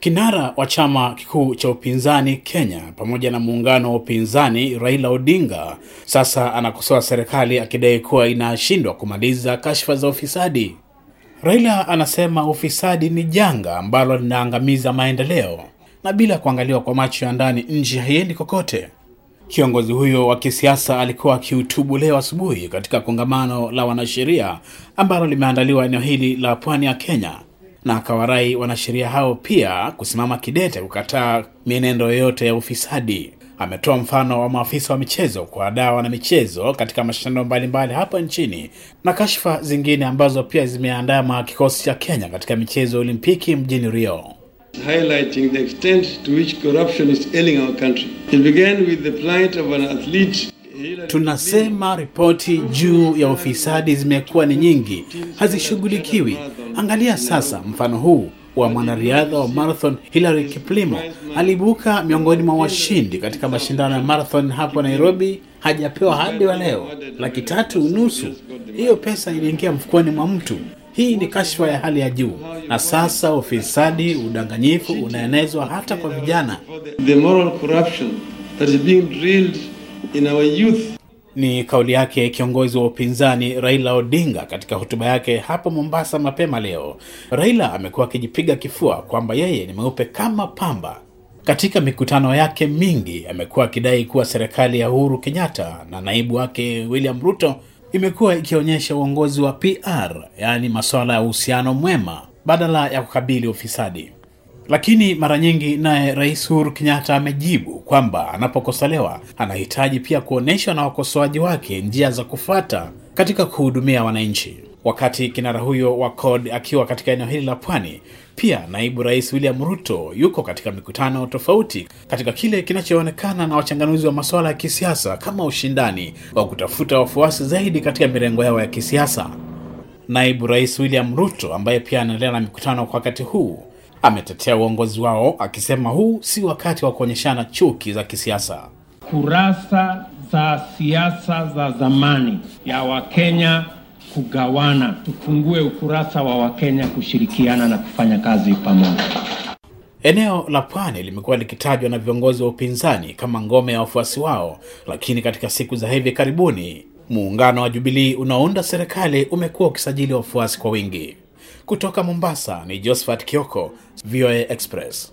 Kinara wa chama kikuu cha upinzani Kenya pamoja na muungano wa upinzani Raila Odinga sasa anakosoa serikali akidai kuwa inashindwa kumaliza kashfa za ufisadi. Raila anasema ufisadi ni janga ambalo linaangamiza maendeleo na bila kuangaliwa kwa macho ya ndani, nchi haiendi kokote. Kiongozi huyo wa kisiasa alikuwa akihutubu leo asubuhi katika kongamano la wanasheria ambalo limeandaliwa eneo hili la pwani ya Kenya na akawarai wanasheria hao pia kusimama kidete kukataa mienendo yoyote ya ufisadi. Ametoa mfano wa maafisa wa michezo kwa dawa na michezo katika mashindano mbalimbali hapa nchini na kashfa zingine ambazo pia zimeandama kikosi cha Kenya katika michezo ya Olimpiki mjini Rio. Highlighting the extent to which corruption is ailing our country. It began with the plight of an athlete Tunasema ripoti juu ya ufisadi zimekuwa ni nyingi, hazishughulikiwi Angalia sasa mfano huu wa mwanariadha wa marathon hilary Kiplimo. Aliibuka miongoni mwa washindi katika mashindano ya marathon hapo Nairobi, hajapewa hadi wa leo laki tatu nusu. Hiyo pesa iliingia mfukoni mwa mtu. Hii ni kashfa ya hali ya juu, na sasa ufisadi, udanganyifu unaenezwa hata kwa vijana. The moral corruption that is being drilled in our youth ni kauli yake kiongozi wa upinzani Raila Odinga katika hotuba yake hapo Mombasa mapema leo. Raila amekuwa akijipiga kifua kwamba yeye ni mweupe kama pamba. Katika mikutano yake mingi amekuwa akidai kuwa serikali ya Uhuru Kenyatta na naibu wake William Ruto imekuwa ikionyesha uongozi wa PR, yaani masuala ya uhusiano mwema badala ya kukabili ufisadi. Lakini mara nyingi naye Rais Uhuru Kenyatta amejibu kwamba anapokosolewa anahitaji pia kuonyeshwa na wakosoaji wake njia za kufuata katika kuhudumia wananchi. Wakati kinara huyo wa cod akiwa katika eneo hili la Pwani, pia naibu rais William Ruto yuko katika mikutano tofauti katika kile kinachoonekana na wachanganuzi wa masuala ya kisiasa kama ushindani wa kutafuta wafuasi zaidi katika mirengo yao ya kisiasa. Naibu rais William Ruto ambaye pia anaendelea na mikutano kwa wakati huu ametetea uongozi wao akisema huu si wakati wa kuonyeshana chuki za kisiasa. Kurasa za siasa za zamani ya Wakenya kugawana, tufungue ukurasa wa Wakenya kushirikiana na kufanya kazi pamoja. Eneo la pwani limekuwa likitajwa na viongozi wa upinzani kama ngome ya wafuasi wao, lakini katika siku za hivi karibuni muungano wa Jubilii unaounda serikali umekuwa ukisajili wafuasi kwa wingi. Kutoka Mombasa ni Josephat Kioko, VOA Express.